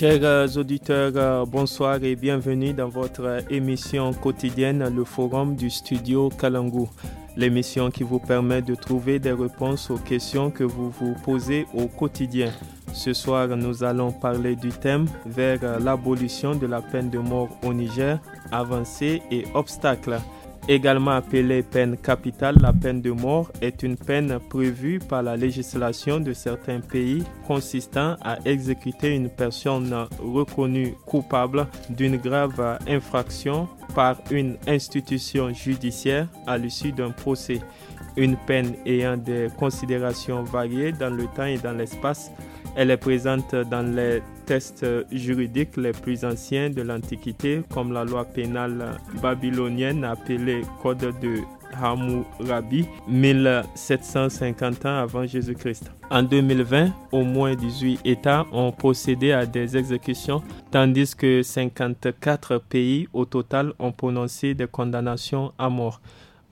Chers auditeurs, euh, bonsoir et bienvenue dans votre émission quotidienne, le forum du studio Kalangou. L'émission qui vous permet de trouver des réponses aux questions que vous vous posez au quotidien. Ce soir, nous allons parler du thème vers euh, l'abolition de la peine de mort au Niger, avancées et obstacles. Également appelée peine capitale, la peine de mort est une peine prévue par la législation de certains pays consistant à exécuter une personne reconnue coupable d'une grave infraction par une institution judiciaire à l'issue d'un procès. Une peine ayant des considérations variées dans le temps et dans l'espace elle est présente dans les textes juridiques les plus anciens de l'Antiquité, comme la loi pénale babylonienne appelée Code de Hammurabi, 1750 ans avant Jésus-Christ. En 2020, au moins 18 États ont procédé à des exécutions, tandis que 54 pays au total ont prononcé des condamnations à mort.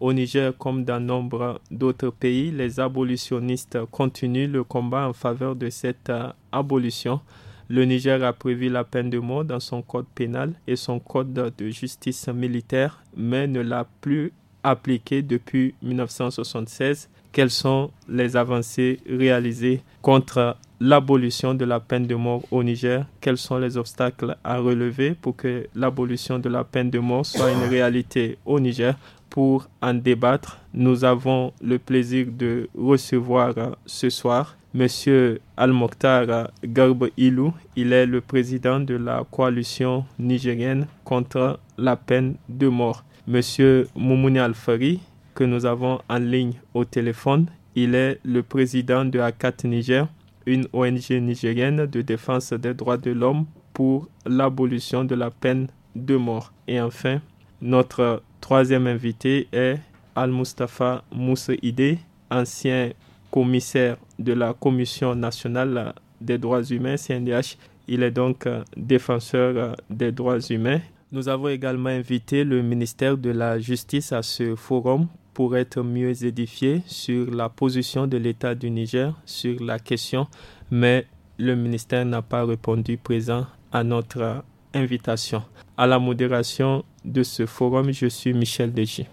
Au Niger, comme dans nombre d'autres pays, les abolitionnistes continuent le combat en faveur de cette euh, abolition. Le Niger a prévu la peine de mort dans son code pénal et son code de justice militaire, mais ne l'a plus appliquée depuis 1976. Quelles sont les avancées réalisées contre l'abolition de la peine de mort au Niger Quels sont les obstacles à relever pour que l'abolition de la peine de mort soit une réalité au Niger pour en débattre, nous avons le plaisir de recevoir euh, ce soir Monsieur Al-Mokhtar euh, Garbe Ilou. Il est le président de la coalition nigérienne contre la peine de mort. Monsieur Moumouni Al-Fari, que nous avons en ligne au téléphone, il est le président de ACAT Niger, une ONG nigérienne de défense des droits de l'homme pour l'abolition de la peine de mort. Et enfin, notre Troisième invité est Al-Mustafa Moussaïdé, ancien commissaire de la Commission nationale des droits humains, CNDH. Il est donc euh, défenseur euh, des droits humains. Nous avons également invité le ministère de la Justice à ce forum pour être mieux édifié sur la position de l'État du Niger sur la question, mais le ministère n'a pas répondu présent à notre euh, invitation à la modération de ce forum. Je suis Michel Deji.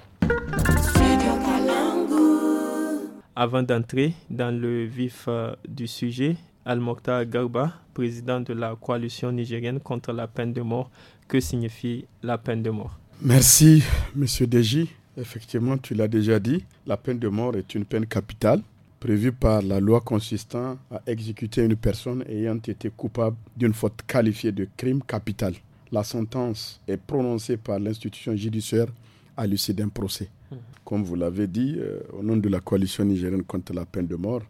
Avant d'entrer dans le vif euh, du sujet, al Garba, président de la coalition nigérienne contre la peine de mort, que signifie la peine de mort Merci, Monsieur Deji. Effectivement, tu l'as déjà dit, la peine de mort est une peine capitale prévue par la loi consistant à exécuter une personne ayant été coupable d'une faute qualifiée de crime capital la sentence est prononcée par l'institution judiciaire à l'issue d'un procès. Mhm. Comme vous l'avez dit, euh, au nom de la coalition nigérienne contre la peine de mort,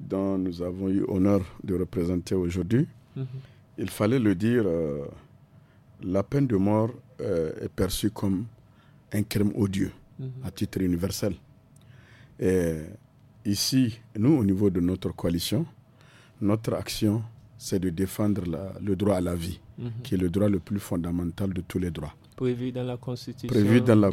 dont nous avons eu l'honneur de représenter aujourd'hui, mhm. il fallait le dire, euh, la peine de mort euh, est perçue comme un crime odieux mhm. à titre universel. Et ici, nous, au niveau de notre coalition, notre action, c'est de défendre le droit à la vie. Mhm. qui est le droit le plus fondamental de tous les droits. Prévu dans la Constitution. Prévu dans la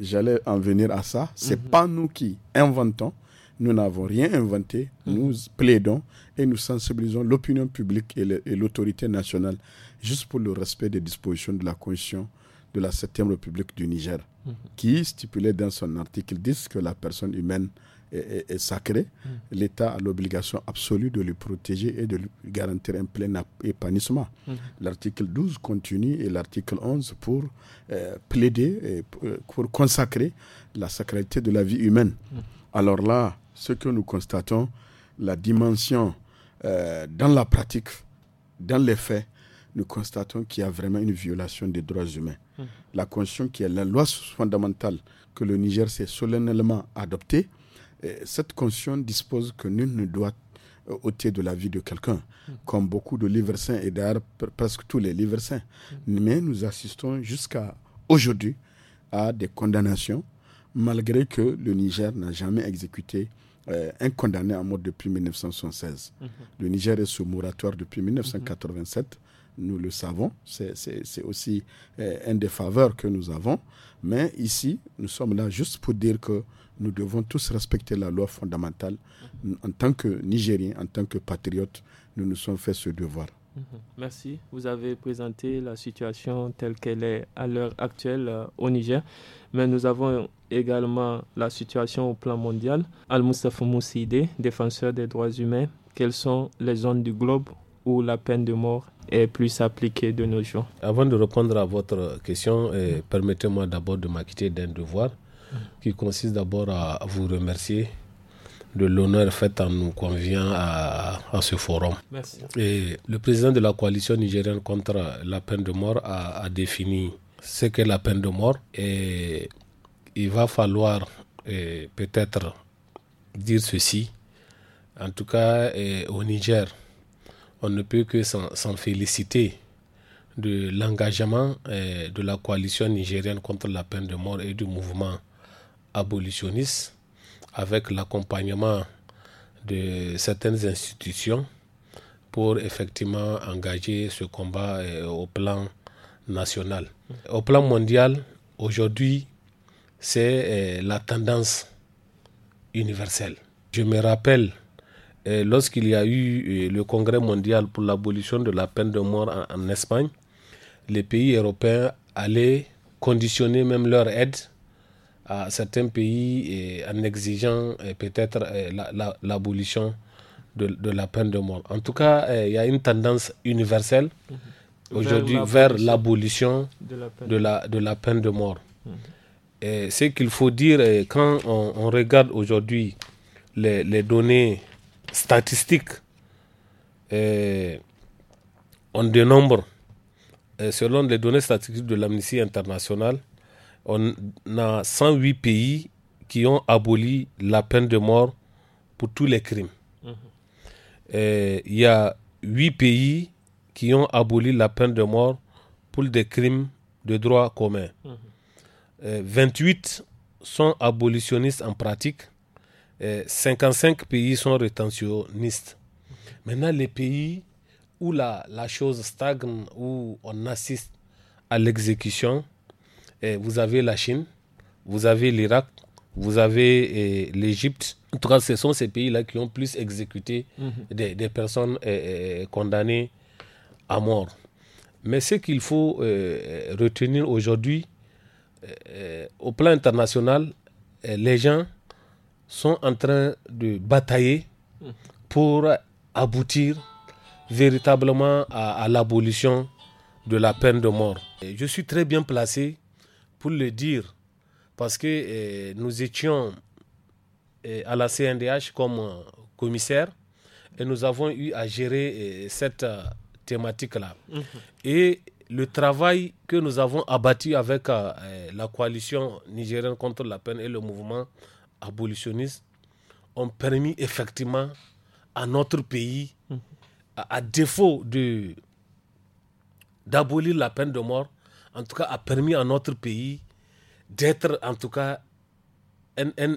j'allais en venir à ça. C'est mhm. pas nous qui inventons, nous n'avons rien inventé, mhm. nous plaidons et nous sensibilisons l'opinion publique et l'autorité nationale juste pour le respect des dispositions de la Constitution de la 7e République du Niger, qui stipulait dans son article 10 que la personne humaine est, sacré, mm. l'État a l'obligation absolue de le protéger et de lui garantir un plein épanouissement. Mm. L'article 12 continue et l'article 11 pour euh, plaider, et euh, pour, consacrer la sacralité de la vie humaine. Mm. Alors là, ce que nous constatons, la dimension euh, dans la pratique, dans les faits, nous constatons qu'il y a vraiment une violation des droits humains. La Constitution, qui est la loi fondamentale que le Niger s'est solennellement adoptée, cette conscience dispose que nul ne doit euh, ôter de la vie de quelqu'un, mm. comme beaucoup de livres saints et d'ailleurs presque tous les livres saints. Mm. Mais nous assistons jusqu'à aujourd'hui à des condamnations, malgré que le Niger n'a jamais exécuté euh, un condamné à mort depuis 1976. Mm-hmm. Le Niger est sous moratoire depuis 1987 nous le savons, c'est aussi euh, un des faveurs que nous avons. Mais ici, nous sommes là juste pour dire que nous devons tous respecter la loi fondamentale. En tant que Nigériens, en tant que patriotes, nous nous sommes fait ce devoir. Mhm. Merci. Vous avez présenté la situation telle qu'elle est à l'heure actuelle euh, au Niger, mais nous avons également la situation au plan mondial. al Mustafa Moussidé, défenseur des droits humains, quelles sont les zones du globe où la peine de mort est plus appliquée de nos jours. Avant de répondre à votre question, eh, permettez-moi d'abord de m'acquitter d'un devoir qui consiste d'abord à vous remercier de l'honneur fait en nous convient à, ce forum. Merci. Et le président de la coalition nigérienne contre la peine de mort a, a défini ce qu'est la peine de mort et il va falloir eh, peut-être dire ceci. En tout cas, eh, au Niger, on ne peut que s'en féliciter de l'engagement eh, de la coalition nigérienne contre la peine de mort et du mouvement abolitionniste avec l'accompagnement de certaines institutions pour effectivement engager ce combat eh, au plan national. Au plan mondial, aujourd'hui, c'est eh, la tendance universelle. Je me rappelle lorsqu'il y a eu euh, le congrès mondial pour l'abolition de la peine de mort en, Espagne, les pays européens allaient conditionner même leur aide à certains pays euh, en exigeant euh, peut-être l'abolition de, la peine de mort. En tout cas, il y a une tendance universelle mhm. aujourd'hui vers l'abolition de, la peine de mort. Mhm. ce qu'il faut dire, quand on, regarde aujourd'hui les, données statistiques, eh, on dénombre, eh, selon les données statistiques de l'Amnistie internationale, on a 108 pays qui ont aboli la peine de mort pour tous les crimes. Mm-hmm. Eh, il y a 8 pays qui ont aboli la peine de mort pour des crimes de droit commun. 28 mm-hmm. sont abolitionnistes en pratique 55 eh, pays sont rétentionnistes. Maintenant, les pays où la, chose stagne, où on assiste à l'exécution, eh, vous avez la Chine, vous avez l'Irak, vous avez eh, l'Égypte. ce sont ces pays-là qui ont plus exécuté mhm. des, des, personnes condamnées à mort. Mais ce qu'il faut retenir aujourd'hui, au plan international, les gens sont en train de batailler pour aboutir véritablement à, l'abolition de la peine de mort. je suis très bien placé pour le dire parce que eh, nous étions eh, à la CNDH comme euh, commissaire et nous avons eu à gérer eh, cette euh, thématique-là. Mm-hmm. Et le travail que nous avons abattu avec euh, la coalition nigérienne contre la peine et le mouvement abolitionnistes ont permis effectivement à notre pays, à, défaut de d'abolir la peine de mort, en tout cas a permis à notre pays d'être en tout cas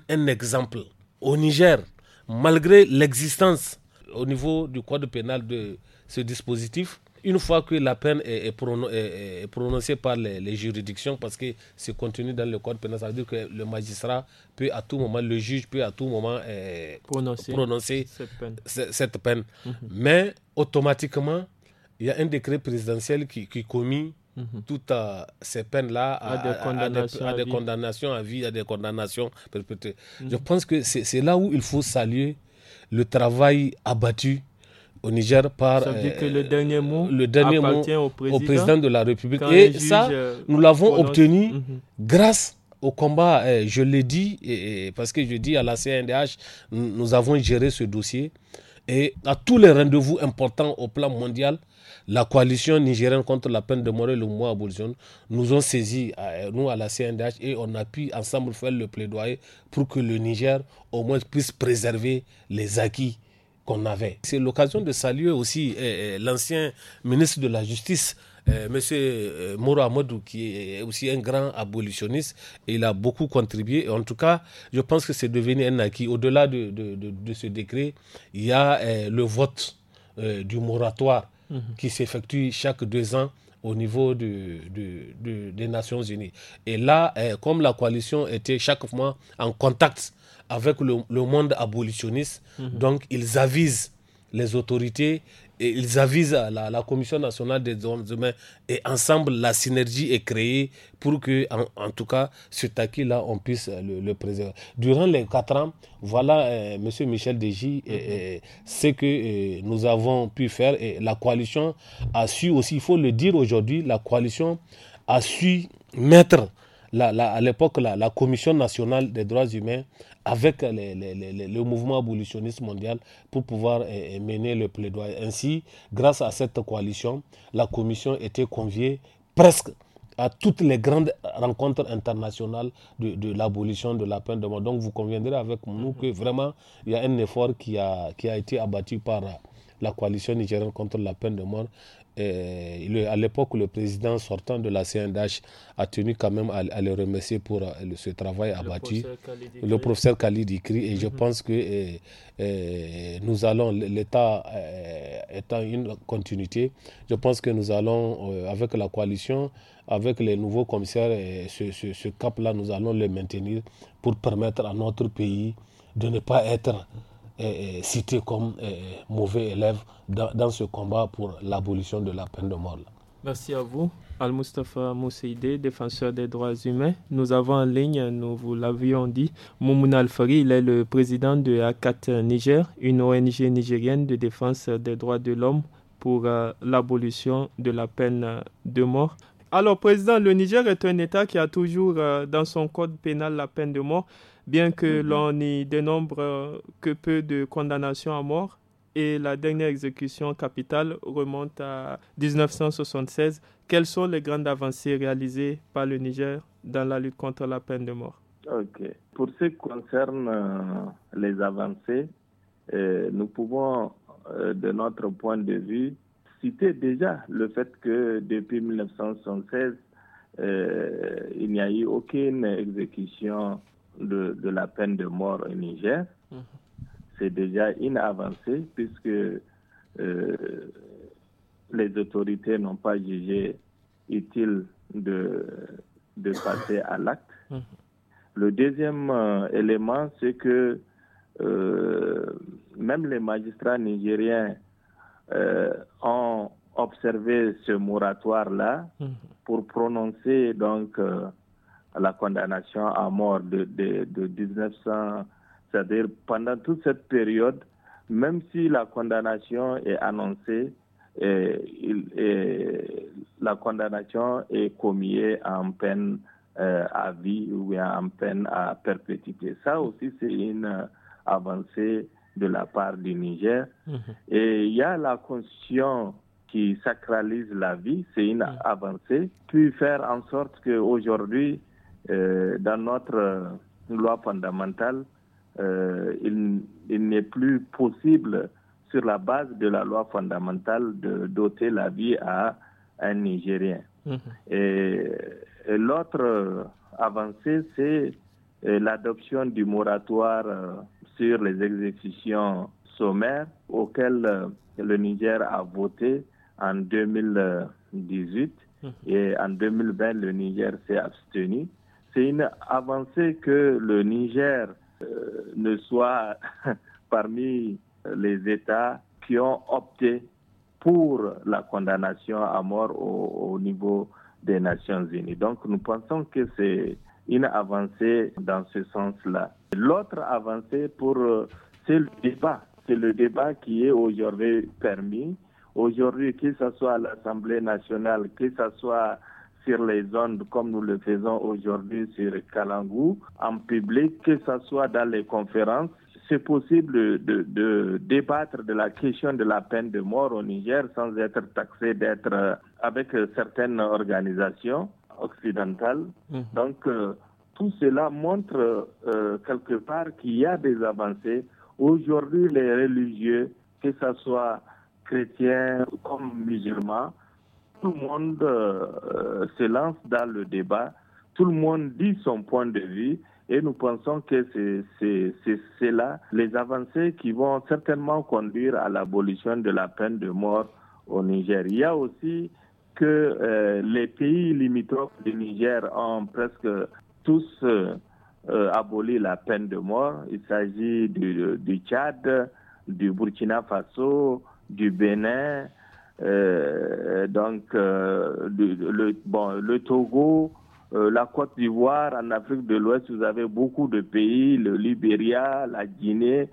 un exemple. Au Niger, malgré l'existence au niveau du code pénal de ce dispositif, une fois que la peine est, prononcée par les, juridictions, parce que c'est contenu dans le code pénal, ça veut dire que le magistrat peut à tout moment, le juge peut à tout moment euh, prononcer, cette peine. Mhm. Mais automatiquement, il y a un décret présidentiel qui, qui commit mhm. toutes ces peines-là à, des condamnations à vie, à des condamnations perpétuelles. Je mhm. pense que c'est là où il faut saluer le travail abattu au Niger par. que euh, le dernier mot, le dernier au, président, de la République. Et ça, euh, nous l'avons obtenu mhm. grâce au combat, euh, je l'ai dit, parce que je dis à la CNDH, nous, avons géré ce dossier. Et à tous les rendez-vous importants au plan mondial, la coalition nigérienne contre la peine de mort et le mouvement abolition nous ont saisi, nous, à la CNDH, et on a pu ensemble faire le plaidoyer pour que le Niger, au moins, puisse préserver les acquis c'est l'occasion de saluer aussi euh, euh, l'ancien ministre de la Justice. Euh, monsieur Moro qui est aussi un grand abolitionniste, et il a beaucoup contribué. en tout cas, je pense que c'est devenu un acquis. Au-delà de, ce décret, il y a le vote du moratoire mhm. qui s'effectue chaque deux ans au niveau des Nations Unies. Et là, comme la coalition était chaque mois en contact avec le, monde abolitionniste. Mhm. Donc, ils avisent les autorités et ils avisent la, Commission nationale des droits humains et ensemble la synergie est créée pour que en, tout cas ce taquet là on puisse euh, le, préserver. Durant les quatre ans, voilà M. Euh, Monsieur Michel Deji et, euh, mhm. ce que nous avons pu faire et la coalition a su aussi, il faut le dire aujourd'hui, la coalition a su mettre à l'époque, la, Commission nationale des droits humains avec le mouvement abolitionniste mondial pour pouvoir eh, eh, mener le plaidoyer. Ainsi, grâce à cette coalition, la Commission était conviée presque à toutes les grandes rencontres internationales de, l'abolition de la peine de mort. Donc vous conviendrez avec nous que vraiment, il y a un effort qui a, qui a été abattu par la coalition nigérienne contre la peine de mort à l'époque, le président sortant de la CNDH a tenu quand même à, le remercier pour euh, ce travail abattu. Le professeur Khalid écrit, Et je mhm. pense que euh, euh, nous allons, l'État étant une continuité, je pense que nous allons, avec la coalition, avec les nouveaux commissaires, ce cap-là, nous allons le maintenir pour permettre à notre pays de ne pas être cité comme mauvais élève dans, ce combat pour l'abolition de la peine de mort. Merci à vous. Al-Mustafa Mousseide, défenseur des droits humains. Nous avons en ligne, nous vous l'avions dit, Moumoun Al-Fari, il est le président de ACAT Niger, une ONG nigérienne de défense des droits de l'homme pour euh, l'abolition de la peine de mort. Alors, président, le Niger est un État qui a toujours euh, dans son code pénal la peine de mort bien que mhm. l'on y dénombre euh, que peu de condamnations à mort, et la dernière exécution capitale remonte à 1976. Quelles sont les grandes avancées réalisées par le Niger dans la lutte contre la peine de mort Pour ce qui concerne euh, les avancées, euh, nous pouvons, de notre point de vue, citer déjà le fait que depuis 1976, il n'y a eu aucune exécution de, la peine de mort au Niger, mhm. c'est déjà inavancé puisque euh, les autorités n'ont pas jugé utile de, passer à l'acte. Mhm. Le deuxième euh, élément, c'est que euh, même les magistrats nigériens ont observé ce moratoire-là mhm. pour prononcer donc la condamnation à mort de, 1900. C'est-à-dire pendant toute cette période, même si la condamnation est annoncée, et, eh, eh, la condamnation est commise en peine eh, à vie ou en peine à perpétuité. Ça aussi, c'est une avancée de la part du Niger. Mm-hmm. Et il y a la conscience qui sacralise la vie, c'est une mm. avancée, puis faire en sorte qu'aujourd'hui, euh, dans notre euh, loi fondamentale, euh, il, n'est plus possible, sur la base de la loi fondamentale, de doter la vie à un Nigérien. Mhm. l'autre avancée, c'est l'adoption du moratoire sur les exécutions sommaires auquel le Niger a voté en 2018 mhm. et en 2020 le Niger s'est abstenu c'est une avancée que le Niger euh, ne soit parmi les États qui ont opté pour la condamnation à mort au, niveau des Nations Unies. Donc nous pensons que c'est une avancée dans ce sens-là. L'autre avancée pour euh, c'est le débat, c'est le débat qui est aujourd'hui permis. Aujourd'hui, que ce soit à l'Assemblée nationale, que ce soit sur les ondes comme nous le faisons aujourd'hui sur Kalangou, en public, que ce soit dans les conférences. C'est possible de, débattre de la question de la peine de mort au Niger sans être taxé d'être euh, avec euh, certaines organisations occidentales. Mhm. Donc, euh, tout cela montre quelque part qu'il y a des avancées. Aujourd'hui, les religieux, que ce soit chrétiens comme musulmans, tout le monde euh, euh, se lance dans le débat, tout le monde dit son point de vue et nous pensons que c'est là les avancées qui vont certainement conduire à l'abolition de la peine de mort au Niger. Il y a aussi que euh, les pays limitrophes du Niger ont presque tous aboli la peine de mort. Il s'agit du, du, Tchad, du Burkina Faso, du Bénin, euh, donc, euh, le, bon, le Togo, euh, la Côte d'Ivoire, en Afrique de l'Ouest, vous avez beaucoup de pays, le Libéria, la Guinée,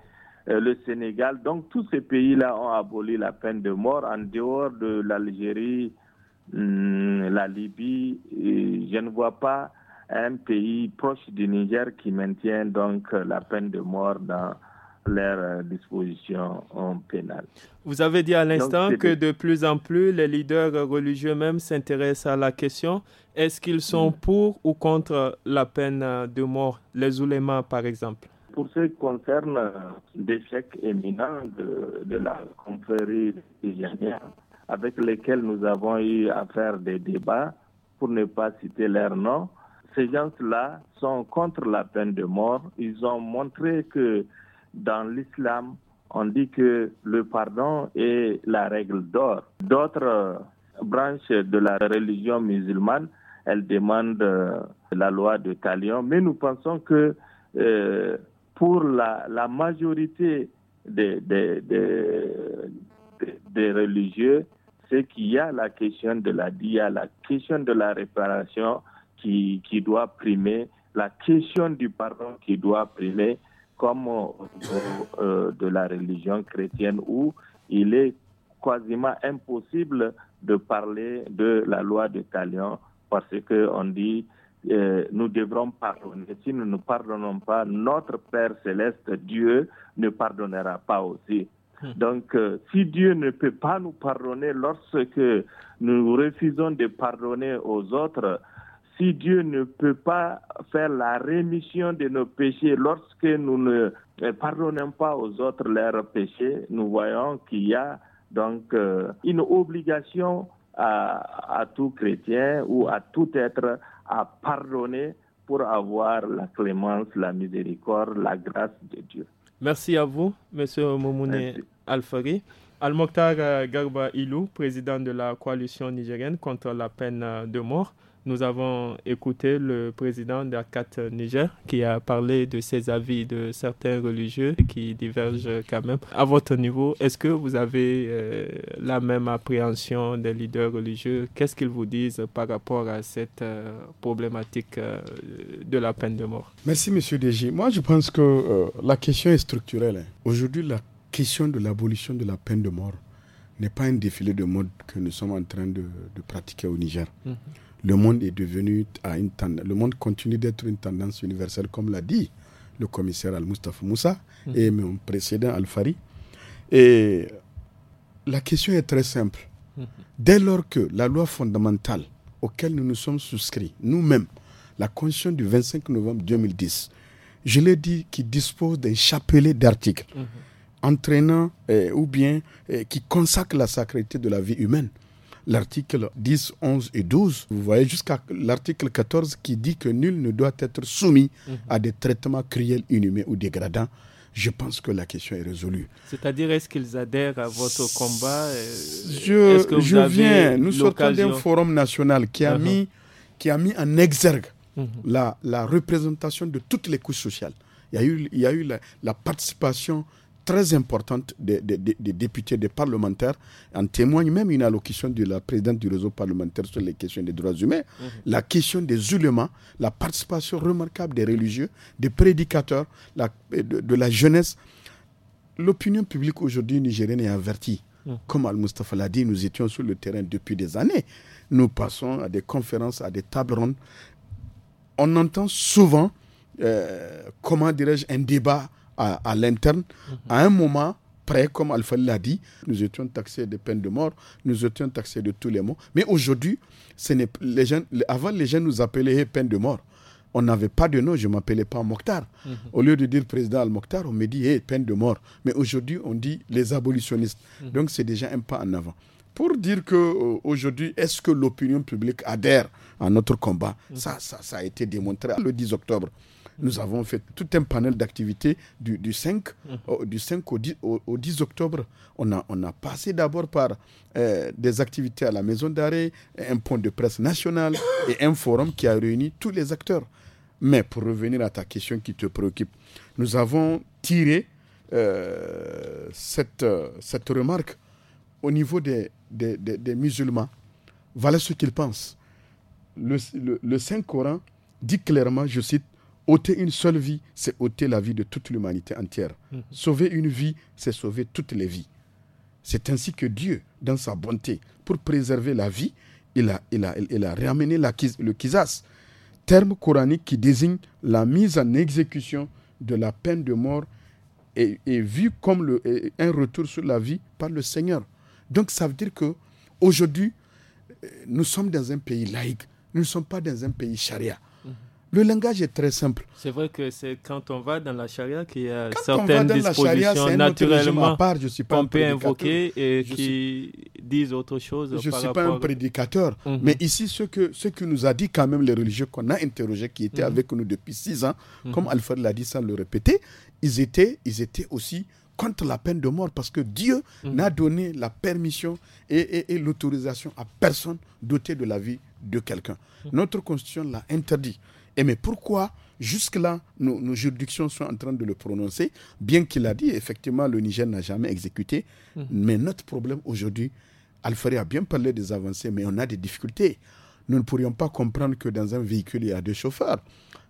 le Sénégal. Donc tous ces pays-là ont aboli la peine de mort en dehors de l'Algérie, hum, la Libye. je ne vois pas un pays proche du Niger qui maintient donc la peine de mort dans leurs euh, dispositions pénal. Vous avez dit à l'instant que de plus en plus, les leaders religieux même s'intéressent à la question. Est-ce qu'ils sont mm. pour ou contre la peine euh, de mort, les oulémas par exemple Pour ce qui concerne l'échec euh, éminent de, de la confrérie hygiénienne, avec lesquels nous avons eu à faire des débats, pour ne pas citer leur nom, ces gens-là sont contre la peine de mort. Ils ont montré que dans l'islam, on dit que le pardon est la règle d'or. D'autres branches de la religion musulmane, elles demandent euh, la loi de Talion, mais nous pensons que euh, pour la, majorité des, religieux, c'est qu'il y a la question de la dia, la question de la réparation qui doit primer, la question du pardon qui doit primer comme euh, de la religion chrétienne où il est quasiment impossible de parler de la loi de Talion parce qu'on dit euh, nous devrons pardonner. Si nous ne pardonnons pas, notre Père céleste, Dieu, ne pardonnera pas aussi. Hmm. Donc, euh, si Dieu ne peut pas nous pardonner lorsque nous refusons de pardonner aux autres, si Dieu ne peut pas faire la rémission de nos péchés lorsque nous ne euh, pardonnons pas aux autres leurs péchés, nous voyons qu'il y a donc euh, une obligation à, tout chrétien ou à tout être à pardonner pour avoir la clémence, la miséricorde, la grâce de Dieu. Merci à vous, Monsieur Momouné Alfari. Al-Mokhtar euh, Garba Ilou, président de la coalition nigérienne contre la peine de mort. Nous avons écouté le président d'Akat Niger qui a parlé de ses avis de certains religieux qui divergent quand même. À votre niveau, est-ce que vous avez euh, la même appréhension des leaders religieux Qu'est-ce qu'ils vous disent par rapport à cette euh, problématique euh, de la peine de mort Merci, monsieur Deji. Moi, je pense que la question est structurelle. Hein. Aujourd'hui, la question de l'abolition de la peine de mort n'est pas un défilé de mode que nous sommes en train de, pratiquer au Niger. Mm-hmm le monde est devenu à le monde continue d'être une tendance universelle, comme l'a dit le commissaire Al-Mustafa Moussa hmm. et mon précédent Al-Fari. Et la question est très simple. Hmm. Dès lors que la loi fondamentale auquel nous nous sommes souscrits, nous-mêmes, la Constitution du 25 novembre 2010, je l'ai dit, qui dispose d'un chapelet d'articles hmm. entraînant eh, ou bien eh, qui consacre la sacralité de la vie humaine, l'article 10, 11 et 12, vous voyez jusqu'à l'article 14 qui dit que nul ne doit être soumis mhm. à des traitements cruels, inhumains ou dégradants je pense que la question est résolue. C'est-à-dire, est-ce qu'ils adhèrent à votre combat euh, Je, je viens, nous sortons d'un forum national qui a, uh-huh. mis, qui a mis en exergue uh-huh. la, la, représentation de toutes les couches sociales. Il y a eu, il y a eu la participation très importante des, députés, des parlementaires. En témoigne même une allocution de la présidente du réseau parlementaire sur les questions des droits humains, mhm. la question des ulémas, la participation remarquable des religieux, des prédicateurs, euh, de, la jeunesse. L'opinion publique aujourd'hui nigérienne est avertie. Mm. Comme Al-Mustafa l'a dit, nous étions sur le terrain depuis des années. Nous passons à des conférences, à des tables rondes. On entend souvent, euh, comment dirais-je, un débat à, l'interne, à un moment près, comme Alpha l'a dit, nous étions taxés de peine de mort, nous étions taxés de tous les mots. Mais aujourd'hui, les avant, les gens nous appelaient peine de mort. On n'avait pas de nom, je ne m'appelais pas Mokhtar. Mhm. Au lieu de dire président Al-Mokhtar, on me dit peine de mort. Mais aujourd'hui, on dit les abolitionnistes. Mhm. Donc, c'est déjà un pas en avant pour dire que euh, aujourd'hui, est-ce que l'opinion publique adhère à notre combat mhm. ça, ça, a été démontré le 10 octobre. Nous avons fait tout un panel d'activités du, 5, mhm. au, du 5 au 10, au, octobre. On a, on a passé d'abord par euh, des activités à la maison d'arrêt, un point de presse national et un forum qui a réuni tous les acteurs. Mais pour revenir à ta question qui te préoccupe, nous avons tiré euh, cette, euh, cette remarque au niveau des, des, musulmans. Voilà ce qu'ils pensent. Le, le, le Saint-Coran dit clairement, je cite, ôter une seule vie, c'est ôter la vie de toute l'humanité entière. Mhm. Sauver une vie, c'est sauver toutes les vies. C'est ainsi que Dieu, dans sa bonté, pour préserver la vie, il a, il a, il a ramené la, le kizas, terme coranique qui désigne la mise en exécution de la peine de mort et, vu comme un retour sur la vie par le Seigneur. Donc ça veut dire que aujourd'hui, euh, nous sommes dans un pays laïque, nous ne sommes pas dans un pays charia. Le langage est très simple. C'est vrai que c'est quand on va dans la charia qu'il y a certaines dispositions naturellement qu'on peut invoquer et je qui suis... disent autre chose. Je ne suis pas un prédicateur, mhm. mais ici, ce que, ce que nous a dit quand même les religieux qu'on a interrogés, qui étaient mhm. avec nous depuis six ans, mhm. comme Alfred l'a dit sans le répéter, ils étaient, ils étaient aussi contre la peine de mort parce que Dieu n'a donné la permission et, et l'autorisation à personne doté de la vie de quelqu'un. Notre constitution l'a interdit. Et mais pourquoi Jusque-là, nos, juridictions sont en train de le prononcer, bien qu'il a dit, effectivement, le Niger n'a jamais exécuté. Hmm. Mais notre problème aujourd'hui, Alfred a bien parlé des avancées, mais on a des difficultés. Nous ne pourrions pas comprendre que dans un véhicule, il y a deux chauffeurs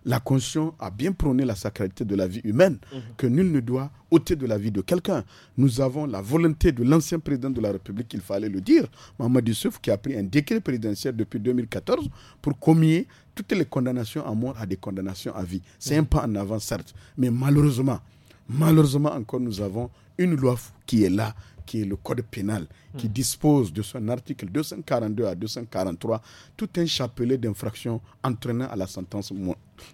la conscience a bien prôné la sacralité de la vie humaine, mhm. que nul ne doit ôter de la vie de quelqu'un. Nous avons la volonté de l'ancien président de la République, il fallait le dire, Mohamed youssef qui a pris un décret présidentiel depuis 2014 pour commuer toutes les condamnations à mort à des condamnations à vie. C'est un mhm. pas en avant, certes, mais malheureusement, malheureusement encore, nous avons une loi qui est là, qui est le code pénal, qui dispose de son article 242 à 243, tout un chapelet d'infractions entraînant à la sentence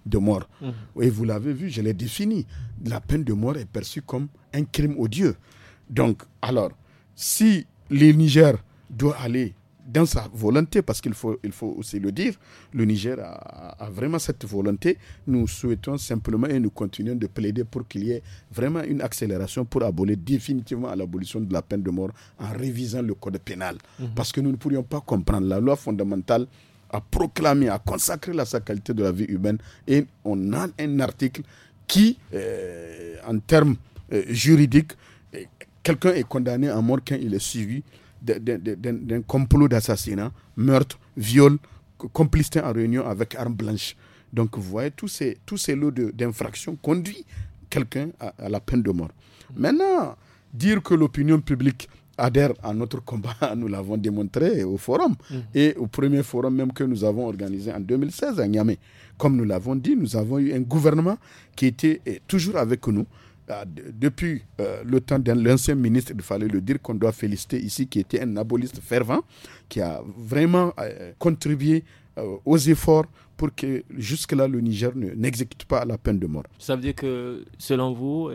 de mort. Mhm. Et vous l'avez vu, je l'ai défini. La peine de mort est perçue comme un crime odieux. Donc, alors, si le Niger doit aller dans sa volonté, parce qu'il faut, il faut aussi le dire, le Niger a, vraiment cette volonté. Nous souhaitons simplement et nous continuons de plaider pour qu'il y ait vraiment une accélération pour abolir définitivement à l'abolition de la peine de mort en révisant le code pénal. Mhm. Parce que nous ne pourrions pas comprendre la loi fondamentale a proclamé, a consacré la sacralité de la vie humaine et on a un article qui, euh, en termes euh, juridiques, euh, quelqu'un est condamné à mort quand il est suivi d'un complot d'assassinat, meurtre, viol, complicité en réunion avec arme blanche. Donc vous voyez, tous ces, tous ces lots d'infractions conduisent quelqu'un à, la peine de mort. Maintenant, dire que l'opinion publique adhère à notre combat, nous l'avons démontré au forum mm. et au premier forum même que nous avons organisé en 2016 à Niamey. Comme nous l'avons dit, nous avons eu un gouvernement qui était eh, toujours avec nous, ah, depuis euh, le temps d'un l'ancien ministre, il fallait le dire, qu'on doit féliciter ici, qui était un aboliste fervent, qui a vraiment euh, contribué euh, aux efforts pour que jusque-là le Niger n'exécute pas la peine de mort. Ça veut dire que, selon vous,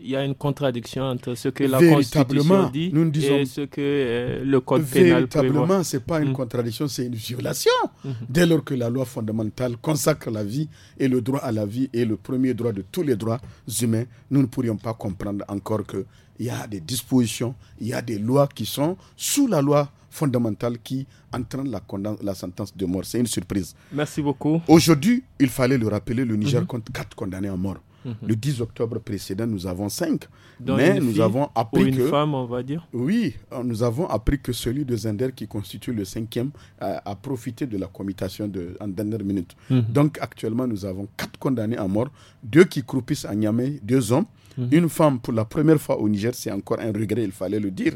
il y a une contradiction entre ce que la Constitution dit nous et ce que euh, le Code pénal prévoit. Véritablement, ce n'est pas une mm. contradiction, c'est une violation. Mm-hmm. Dès lors que la loi fondamentale consacre la vie et le droit à la vie est le premier droit de tous les droits humains, nous ne pourrions pas comprendre encore qu'il y a des dispositions, il y a des lois qui sont sous la loi fondamentale qui entraînent la, la sentence de mort. C'est une surprise. Merci beaucoup. Aujourd'hui, il fallait le rappeler, le Niger mm-hmm. compte quatre condamnés à mort. Mhm. Le 10 octobre précédent, nous avons 5. Dans mais nous avons appris une que. femme, on va dire Oui, nous avons appris que celui de Zender, qui constitue le cinquième, a, a profité de la commutation de, en dernière minute. Mhm. Donc, actuellement, nous avons quatre condamnés à mort, deux qui croupissent à Niamey, deux hommes. Mhm. Une femme, pour la première fois au Niger, c'est encore un regret, il fallait le dire.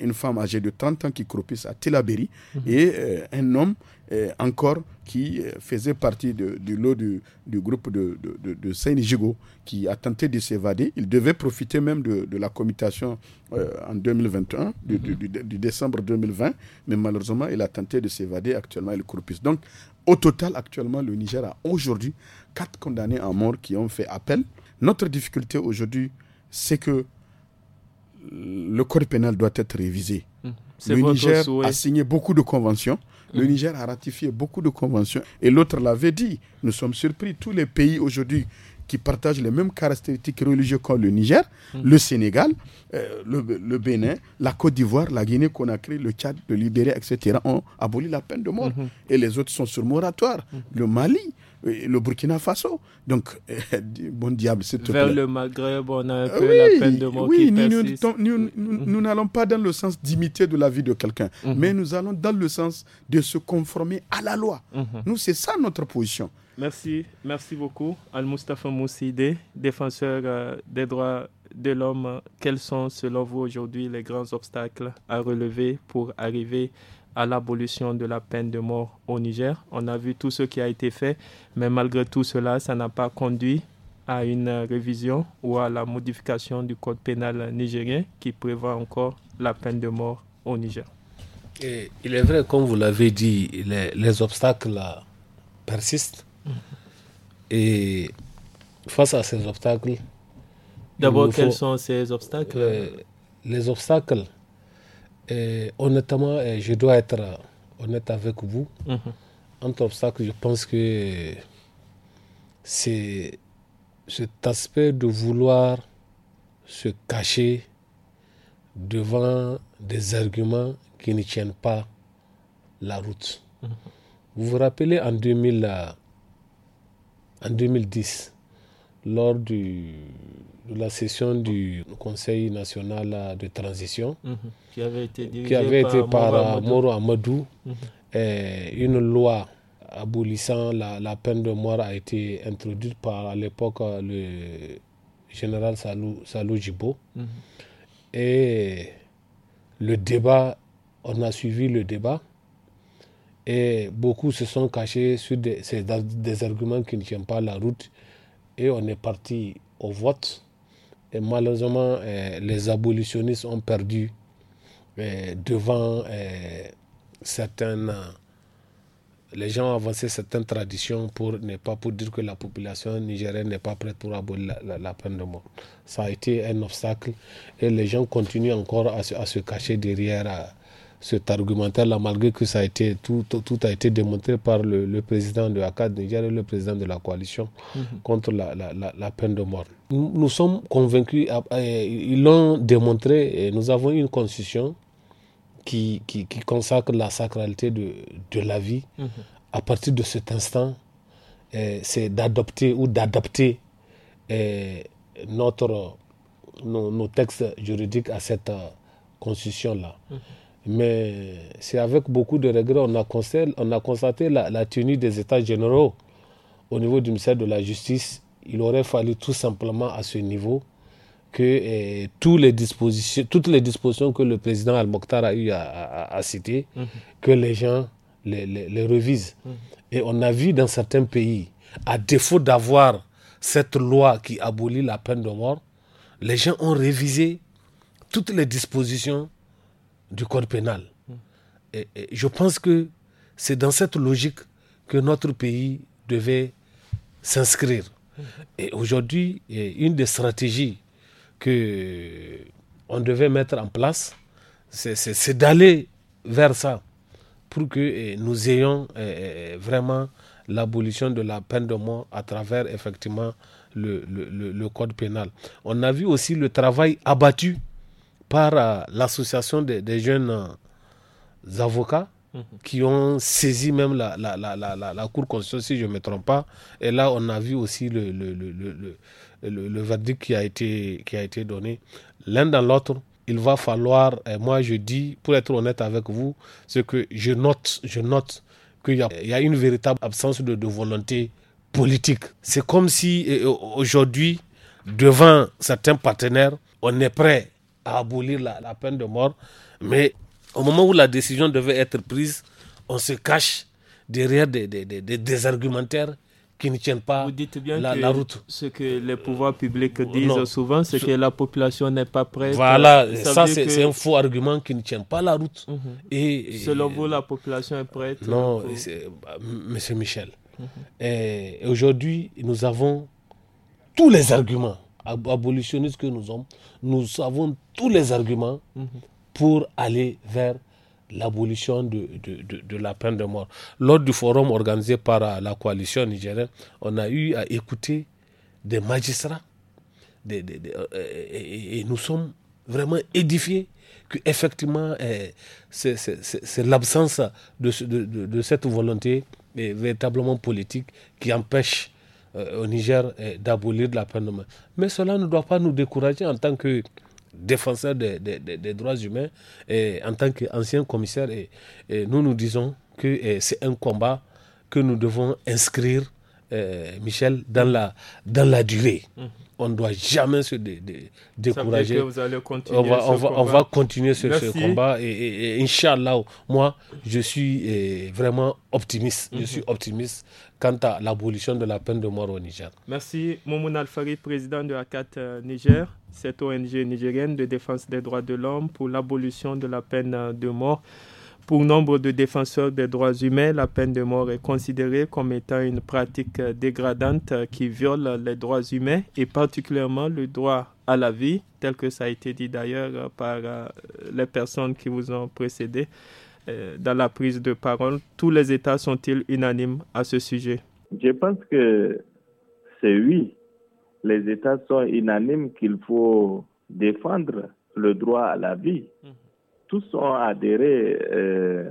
Une femme âgée de 30 ans qui croupisse à Telaberi. Et euh, un homme euh, encore qui euh, faisait partie du lot du, groupe de, de, Saint-Nijigo qui a tenté de s'évader. Il devait profiter même de, la commutation euh, en 2021, du, décembre 2020, mais malheureusement, il a tenté de s'évader. Actuellement, il corpus. Donc, au total, actuellement, le Niger a aujourd'hui quatre condamnés à mort qui ont fait appel. Notre difficulté aujourd'hui, c'est que le code pénal doit être révisé le Niger a signé beaucoup de conventions. Le mm. Niger a ratifié beaucoup de conventions. Et l'autre l'avait dit. Nous sommes surpris. Tous les pays aujourd'hui qui partagent les mêmes caractéristiques religieuses que le Niger, mhm. le Sénégal, euh, le, le, Bénin, la Côte d'Ivoire, la Guinée-Conakry, le Tchad, le Libéria, etc., ont aboli la peine de mort. Mhm. Et les autres sont sur moratoire. Mhm. Le Mali, le Burkina Faso. Donc, euh, bon diable, c'est tout. Vers le Maghreb, on a un peu la peine de mort. Oui, nous n'allons pas dans le sens d'imiter de la vie de quelqu'un, mais nous allons dans le sens de se conformer à la loi. Nous, c'est ça notre position. Merci, merci beaucoup. Al-Mustafa Mousside, défenseur euh, des droits de l'homme, quels sont selon vous aujourd'hui les grands obstacles à relever pour arriver à l'abolition de la peine de mort au Niger On a vu tout ce qui a été fait, mais malgré tout cela, ça n'a pas conduit à une euh, révision ou à la modification du code pénal nigérien qui prévoit encore la peine de mort au Niger. il est vrai, comme vous l'avez dit, les obstacles persistent et face à ces obstacles. D'abord, quels sont ces obstacles Les obstacles. honnêtement, je dois être honnête avec vous. Mhm. Entre obstacles, je pense que c'est cet aspect de vouloir se cacher devant des arguments qui ne tiennent pas la route. Mhm. Vous vous rappelez en 2000, en 2010 lors de la session du Conseil national de transition mhm. qui avait été, dirigée par, Moro Amadou. Mhm. Eh, une loi abolissant la, peine de mort a été introduite par à l'époque le général Salou, Salou Jibo. Mhm. Et le débat, on a suivi le débat. Et beaucoup se sont cachés sur des, arguments qui ne tiennent pas la route. Et on est parti au vote. Et malheureusement, eh, les abolitionnistes ont perdu eh, devant certains. Eh, certaines. Les gens ont avancé certaines traditions pour, ne pas pour dire que la population nigérienne n'est pas prête pour abolir la, peine de mort. Ça a été un obstacle et les gens continuent encore à se, à se cacher derrière cet argumentaire-là, malgré que ça a été, tout, tout, a été démontré par le, président de ACAD Niger et le président de la coalition mhm. contre la, peine de mort. Nous, sommes convaincus, ah, ah, eh, ils l'ont démontré, nous avons une constitution qui, qui, consacre la sacralité de, de la vie. Mhm. À partir de cet instant, c'est d'adopter ou d'adapter eh, notre, nos, textes juridiques à cette euh, constitution-là. Mhm. Mais c'est avec beaucoup de regrets on a constaté, on a constaté la, tenue des États généraux au niveau du ministère de la Justice. Il aurait fallu tout simplement à ce niveau que eh, toutes, les dispositions, toutes les dispositions que le président Al-Mokhtar a eu à, citer, mhm. que les gens les, revisent. Mhm. Et on a vu dans certains pays, à défaut d'avoir cette loi qui abolit la peine de mort, les gens ont révisé toutes les dispositions du code pénal. je pense que c'est dans cette logique que notre pays devait s'inscrire. Et aujourd'hui, une des stratégies que on devait mettre en place, c'est d'aller vers ça pour que eh, nous ayons eh, eh, vraiment l'abolition de la peine de mort à travers effectivement le, code pénal. On a vu aussi le travail abattu par euh, l'association des, jeunes euh, avocats mhm. qui ont saisi même la, la, la, la Cour constitutionnelle, si je ne me trompe pas. Et là, on a vu aussi le, le, le, le verdict qui a été, qui a été donné. L'un dans l'autre, il va falloir, et moi je dis, pour être honnête avec vous, ce que je note, je note qu'il y, y, a une véritable absence de, de volonté politique. C'est comme si aujourd'hui, devant certains partenaires, on est prêt à abolir la, peine de mort. Mais au moment où la décision devait être prise, on se cache derrière des, argumentaires qui ne tiennent pas Vous dites bien la, que route. Ce que les pouvoirs publics disent souvent, c'est que la population n'est pas prête. Voilà, ça, c'est un faux argument qui ne tient pas la route. Mhm. et, Selon vous, la population est prête Non, monsieur Michel. Aujourd'hui, nous avons tous les arguments abolitionnistes que nous sommes, nous avons tous les arguments pour aller vers l'abolition de, de, de, la peine de mort. Lors du forum organisé par euh, la coalition nigérienne, on a eu à écouter des magistrats des, des, euh, et, nous sommes vraiment édifiés qu'effectivement, effectivement euh, c'est l'absence de, de cette volonté véritablement politique qui empêche euh, au Niger euh, d'abolir la peine de mort. Mais cela ne doit pas nous décourager en tant que défenseur des, droits humains et en tant qu'ancien commissaire. Et, nous nous disons que euh, c'est un combat que nous devons inscrire, Michel, dans la, dans la durée. Mhm. on ne doit jamais se décourager. on, va, continuer ce, combat. Et, Inch'Allah, moi, je suis vraiment optimiste. Je mhm. suis optimiste quant à l'abolition de la peine de mort au Niger. Merci Momoun Alfari, président de ACAT euh, Niger, cette ONG nigérienne de défense des droits de l'homme pour l'abolition de la peine euh, de mort. Pour nombre de défenseurs des droits humains, la peine de mort est considérée comme étant une pratique euh, dégradante qui viole les droits humains et particulièrement le droit à la vie, tel que ça a été dit d'ailleurs par les personnes qui vous ont précédé. Euh, dans la prise de parole Tous les États sont-ils unanimes à ce sujet Je pense que c'est oui. Les États sont unanimes qu'il faut défendre le droit à la vie. Mhm. Tous ont adhéré euh,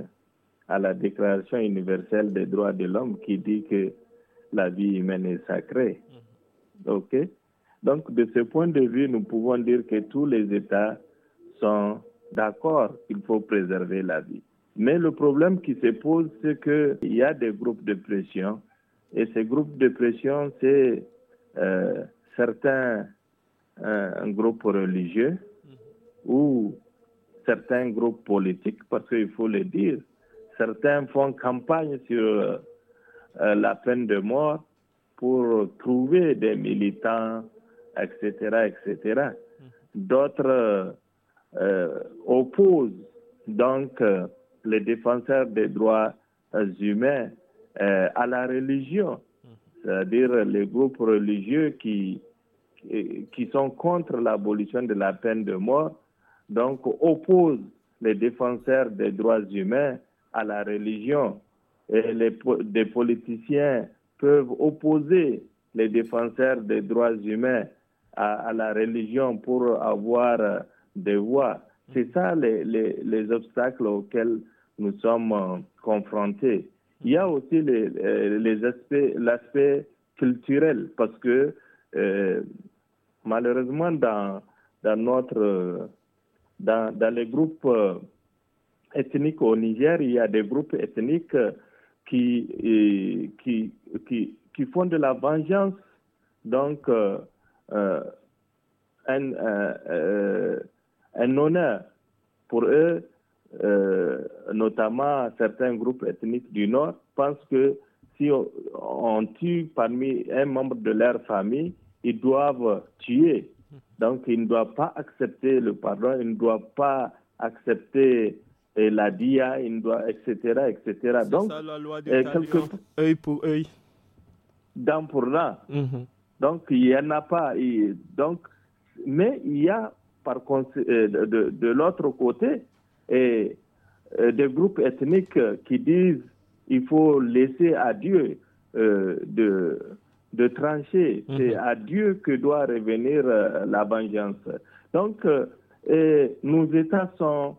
à la Déclaration universelle des droits de l'homme qui dit que la vie humaine est sacrée. Mhm. OK Donc, de ce point de vue, nous pouvons dire que tous les États sont d'accord qu'il faut préserver la vie. Mais le problème qui se pose, c'est qu'il y a des groupes de pression. Et ces groupes de pression, c'est euh, certains euh, groupes religieux mhm. ou certains groupes politiques, parce qu'il faut le dire. Certains font campagne sur euh, la peine de mort pour trouver des militants, etc., etc. Mhm. D'autres opposent donc les défenseurs des droits euh, humains euh, à la religion, c'est-à-dire les groupes religieux qui, qui sont contre l'abolition de la peine de mort, donc opposent les défenseurs des droits humains à la religion. Et les des politiciens peuvent opposer les défenseurs des droits humains à, la religion pour avoir des voix. C'est ça les obstacles auxquels nous sommes euh, confrontés. Il y a aussi les, euh, l'aspect culturel, parce que euh, malheureusement, dans, dans, notre, dans, les groupes ethniques au Niger, il y a des groupes ethniques qui, qui, qui, font de la vengeance, donc un honneur pour eux euh, notamment certains groupes ethniques du Nord, pensent que si on, tue parmi un membre de leur famille, ils doivent tuer. Donc, ils ne doivent pas accepter le pardon, ils ne doivent pas accepter euh, la DIA, il doit, etc. etc. Donc, la loi euh, œil pour œil. Dent pour dent. Mm-hmm. Donc, il n'y en a pas. Donc, mais il y a, par contre, de l'autre côté, et euh, des groupes ethniques qui disent il faut laisser à Dieu euh, de, trancher. Mhm. C'est à Dieu que doit revenir euh, la vengeance. Donc, nos États sont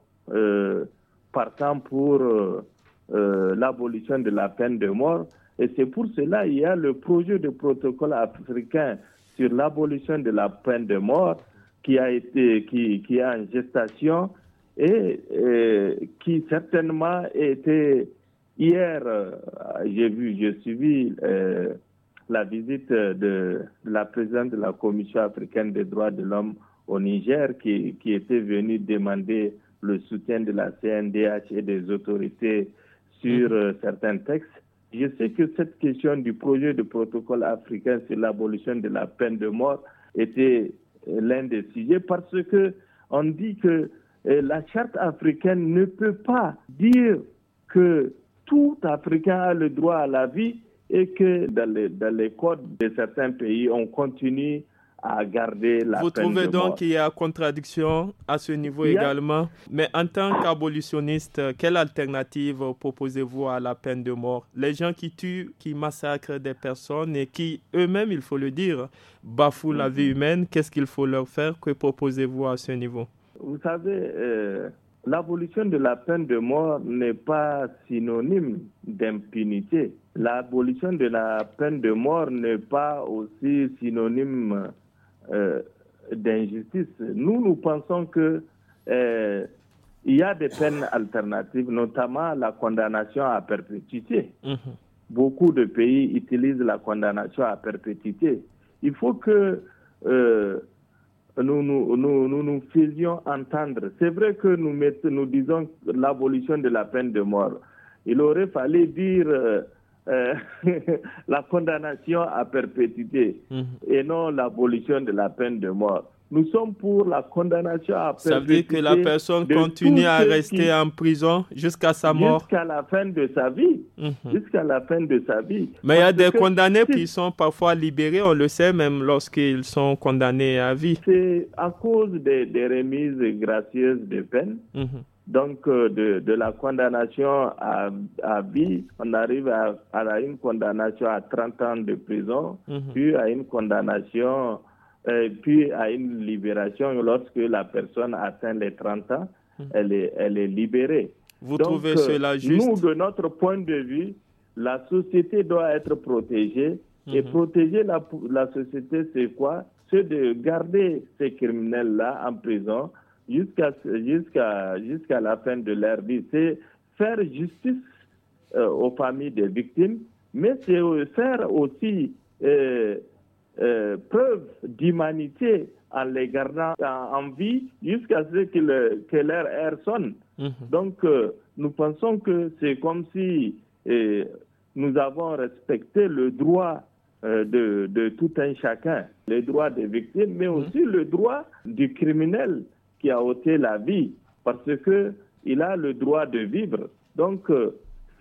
partants pour l'abolition de la peine de mort. Et c'est pour cela qu'il y a le projet de protocole africain sur l'abolition de la peine de mort qui a été qui, qui est en gestation et euh, qui certainement était hier, euh, j'ai vu, j'ai suivi euh, la visite de la présidente de la Commission africaine des droits de l'homme au Niger qui, était venue demander le soutien de la CNDH et des autorités sur mhm. certains textes. Je sais que cette question du projet de protocole africain sur l'abolition de la peine de mort était l'un des sujets parce que on dit que la charte africaine ne peut pas dire que tout Africain a le droit à la vie et que dans les, codes de certains pays, on continue à garder la Vous trouvez donc qu'il y a contradiction à ce niveau également. Mais en tant qu'abolitionniste, quelle alternative proposez-vous à la peine de mort Les gens qui tuent, qui massacrent des personnes et qui eux-mêmes, il faut le dire, bafouent la mm-hmm. vie humaine, qu'est-ce qu'il faut leur faire Que proposez-vous à ce niveau vous savez, euh, l'abolition de la peine de mort n'est pas synonyme d'impunité. L'abolition de la peine de mort n'est pas aussi synonyme euh, d'injustice. Nous, nous pensons que euh, il y a des peines alternatives, notamment la condamnation à perpétuité. Mhm. Beaucoup de pays utilisent la condamnation à perpétuité. Il faut que nous nous, nous, faisions entendre. C'est vrai que nous, nous disons l'abolition de la peine de mort. Il aurait fallu dire euh, euh, la condamnation à perpétuité mhm. et non l'abolition de la peine de mort. Nous sommes pour la condamnation à Ça veut dire que la personne continue à rester en prison jusqu'à sa mort. Jusqu'à la fin de sa vie. Mhm. Jusqu'à la fin de sa vie. Mais il y a des condamnés qui sont parfois libérés, on le sait même lorsqu'ils sont condamnés à vie. C'est à cause des, remises gracieuses de peine. Mhm. Donc, euh, de, la condamnation à, vie, on arrive à, une condamnation à 30 ans de prison, mhm. puis à une condamnation euh, puis à une libération lorsque la personne atteint les 30 ans, hmm. elle, est, elle est libérée. Vous trouvez euh, cela juste Nous, de notre point de vue, la société doit être protégée. Et hmm. protéger la, la société, c'est quoi C'est de garder ces criminels-là en prison jusqu'à jusqu'à jusqu'à la fin de leur vie. C'est faire justice euh, aux familles des victimes, mais c'est faire aussi euh, euh, preuve d'humanité en les gardant en vie jusqu'à ce que, le, sonne. Mhm. Donc, euh, nous pensons que c'est comme si euh, nous avons respecté le droit de, tout un chacun, le droit des victimes, mais mhm. aussi le droit du criminel qui a ôté la vie, parce qu'il a le droit de vivre. Donc,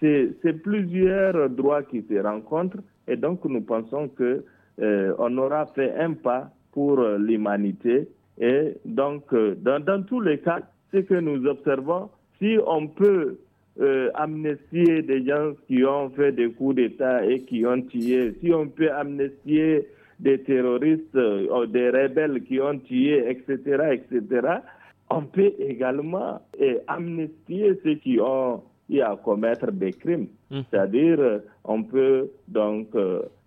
c'est plusieurs droits qui se rencontrent, et donc nous pensons que euh, on aura fait un pas pour euh, l'humanité. Et donc, euh, dans, tous les cas, ce que nous observons, si on peut amnestier des gens qui ont fait des coups d'État et qui ont tué, si on peut amnestier des terroristes ou des rebelles qui ont tué, etc., etc., on peut également amnestier ceux qui ont eu à commettre des crimes. Mmh. C'est-à-dire, on peut donc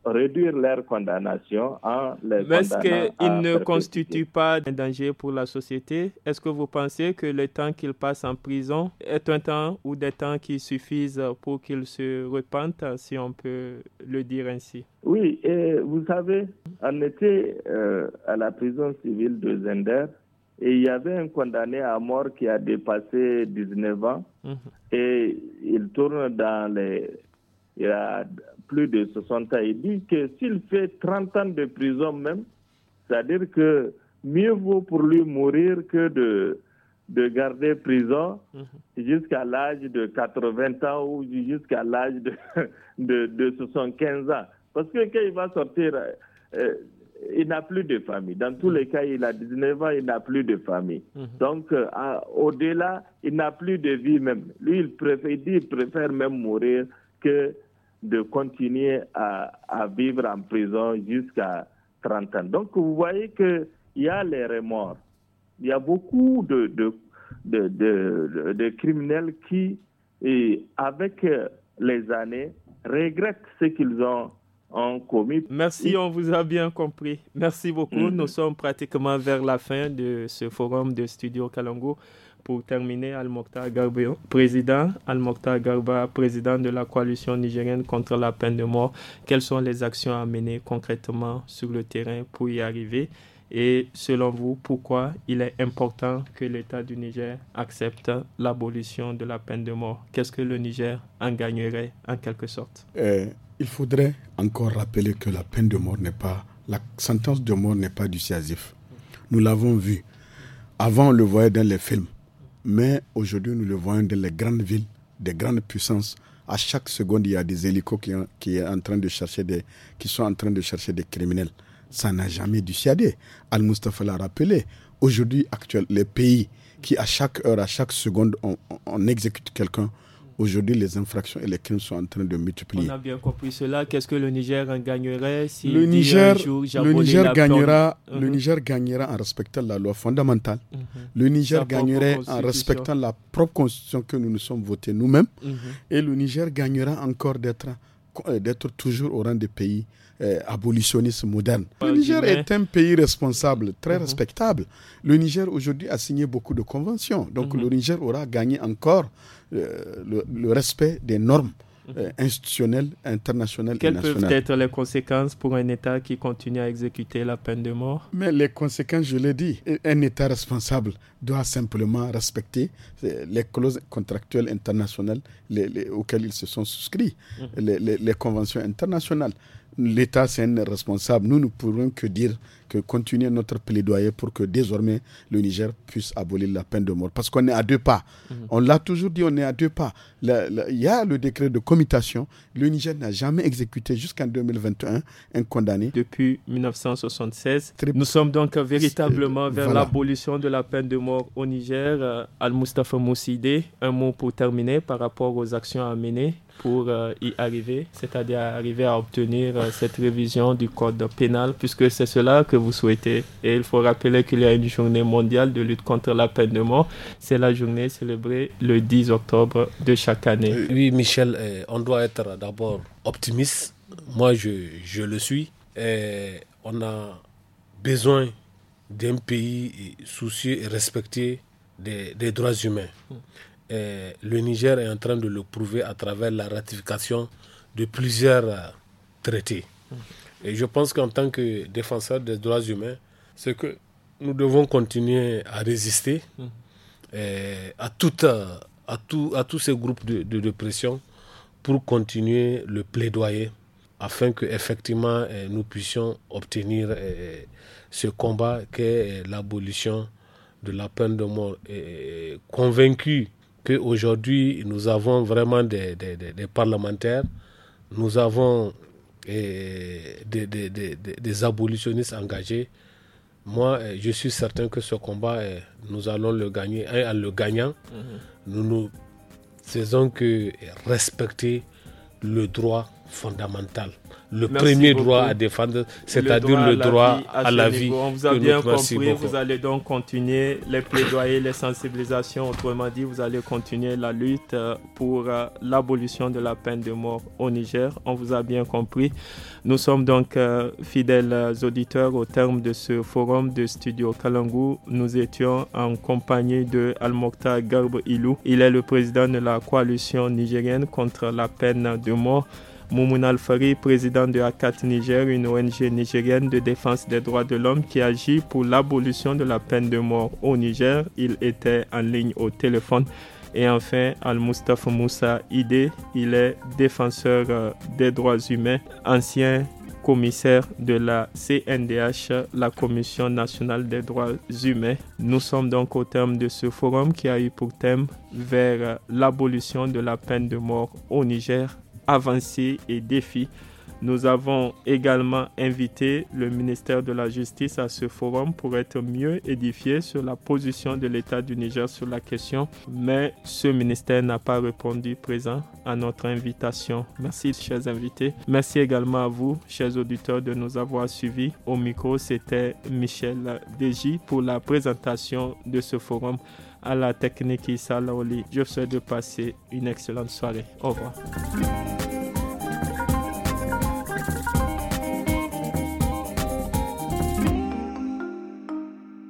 réduire leur condamnation en les Mais est-ce qu'ils ne constituent pas un danger pour la société Est-ce que vous pensez que le temps qu'ils passent en prison est un temps ou des temps qui suffisent pour qu'ils se repentent, si on peut le dire ainsi Oui, et vous savez, on était euh, à la prison civile de Zender et il y avait un condamné à mort qui a dépassé 19 ans mhm. et il tourne dans les il a plus de 60 ans, il dit que s'il fait 30 ans de prison même, c'est-à-dire que mieux vaut pour lui mourir que de, de garder prison mhm. jusqu'à l'âge de 80 ans ou jusqu'à l'âge de, de, 75 ans. Parce que quand il va sortir, euh, euh, il n'a plus de famille. Dans tous mhm. les cas, il a 19 ans, il n'a plus de famille. Mhm. Donc, euh, au-delà, il n'a plus de vie même. Lui, il, préfère, il dit qu'il préfère même mourir que de continuer à, à vivre en prison jusqu'à 30 ans. Donc vous voyez qu'il y a les remords. Il y a beaucoup de, de, de, de, criminels qui, et avec les années, regrettent ce qu'ils ont en Merci, on vous a bien compris. Merci beaucoup. Mm-hmm. Nous sommes pratiquement vers la fin de ce forum de Studio Kalongo pour terminer, Al-Mokhtar président, Garba, président de la coalition nigérienne contre la peine de mort, quelles sont les actions à mener concrètement sur le terrain pour y arriver et selon vous, pourquoi il est important que l'État du Niger accepte l'abolition de la peine de mort Qu'est-ce que le Niger en gagnerait en quelque sorte euh, Il faudrait encore rappeler que la peine de mort n'est pas, la sentence de mort n'est pas du CIASIF. Nous l'avons vu. Avant, on le voyait dans les films. Mais aujourd'hui, nous le voyons dans les grandes villes, des grandes puissances. À chaque seconde, il y a des hélicos qui, en train qui sont en train de chercher des criminels. Ça n'a jamais dû s'y Al-Mustafa l'a rappelé. Aujourd'hui, actuel, les pays qui, à chaque heure, à chaque seconde, on exécute quelqu'un, Aujourd'hui, les infractions et les crimes sont en train de multiplier. On a bien compris cela. Qu'est-ce que le Niger gagnerait si le Niger, le Niger gagnera, uh-huh. le Niger gagnera en respectant la loi fondamentale. Uh-huh. Le Niger gagnerait en respectant la propre constitution que nous nous sommes votés nous-mêmes. Uh-huh. Et le Niger gagnera encore d'être euh, d'être toujours au rang des pays euh, abolitionnistes modernes. Le Niger est un pays responsable, très respectable. Le Niger aujourd'hui a signé beaucoup de conventions, donc le Niger aura gagné encore euh, le, respect des normes euh, institutionnelles, internationales Quelles et nationales. peuvent être les conséquences pour un État qui continue à exécuter la peine de mort Mais les conséquences, je l'ai dit, un État responsable doit simplement respecter euh, les clauses contractuelles internationales auxquelles ils se sont souscrits, mmh. les conventions internationales l'État, c'est un responsable. Nous ne pourrons que dire que continuer notre plaidoyer pour que désormais le Niger puisse abolir la peine de mort. Parce qu'on est à deux pas. Mhm. On l'a toujours dit, on est à deux pas. Il y a le décret de commutation. Le Niger n'a jamais exécuté jusqu'en 2021 un condamné. Depuis 1976, nous sommes donc véritablement vers l'abolition de la peine de mort au Niger. Euh, Al-Mustafa Moussidé, un mot pour terminer par rapport aux actions à mener pour euh, y arriver, c'est-à-dire arriver à obtenir euh, cette révision du code pénal, puisque c'est cela que vous souhaitez. Et il faut rappeler qu'il y a une journée mondiale de lutte contre la peine de mort. C'est la journée célébrée le 10 octobre de chaque année. Euh, oui, Michel, on doit être d'abord optimiste. Moi, je, je le suis. Et on a besoin d'un pays soucieux et respecté des, des droits humains. Mm. Euh, le Niger est en train de le prouver à travers la ratification de plusieurs euh, traités. Et je pense qu'en tant que défenseur des droits humains, c'est que nous devons continuer à résister mm-hmm. euh, à, tout à, tout, à tous ces groupes de, de, pression pour continuer le plaidoyer afin que effectivement nous puissions obtenir ce combat qu'est l'abolition de la peine de mort. Et, convaincu Aujourd'hui, nous avons vraiment des, parlementaires, nous avons eh, des, abolitionnistes engagés. Moi, eh, je suis certain que ce combat, eh, nous allons le gagner. en le gagnant, mhm. nous nous faisons que respecter le droit fondamental le premier droit à défendre, c'est-à-dire le droit à la vie. On vous a bien compris, vous allez donc continuer les plaidoyers, les sensibilisations, autrement dit, vous allez continuer la lutte euh, pour euh, l'abolition de la peine de mort au Niger. On vous a bien compris. Nous sommes donc euh, fidèles auditeurs au terme de ce forum de Studio Kalangu. Nous étions en compagnie de al Garb Ilou. Il est le président de la coalition nigérienne contre la peine de mort. Moumoun Al-Fari, président de ACAT Niger, une ONG nigérienne de défense des droits de l'homme qui agit pour l'abolition de la peine de mort au Niger. Il était en ligne au téléphone. Et enfin, Al-Mustafa Moussa Ide, il est défenseur euh, des droits humains, ancien commissaire de la CNDH, la Commission nationale des droits humains. Nous sommes donc au terme de ce forum qui a eu pour thème vers l'abolition de la peine de mort au Niger, avancées et défis. Nous avons également invité le ministère de la Justice à ce forum pour être mieux édifié sur la position de l'État du Niger sur la question, mais ce ministère n'a pas répondu présent à notre invitation. Merci, chers invités. Merci également à vous, chers auditeurs, de nous avoir suivis. Au micro, c'était Michel Deji pour la présentation de ce forum à la technique Issa Laoli. Je souhaite de passer une excellente soirée. Au revoir.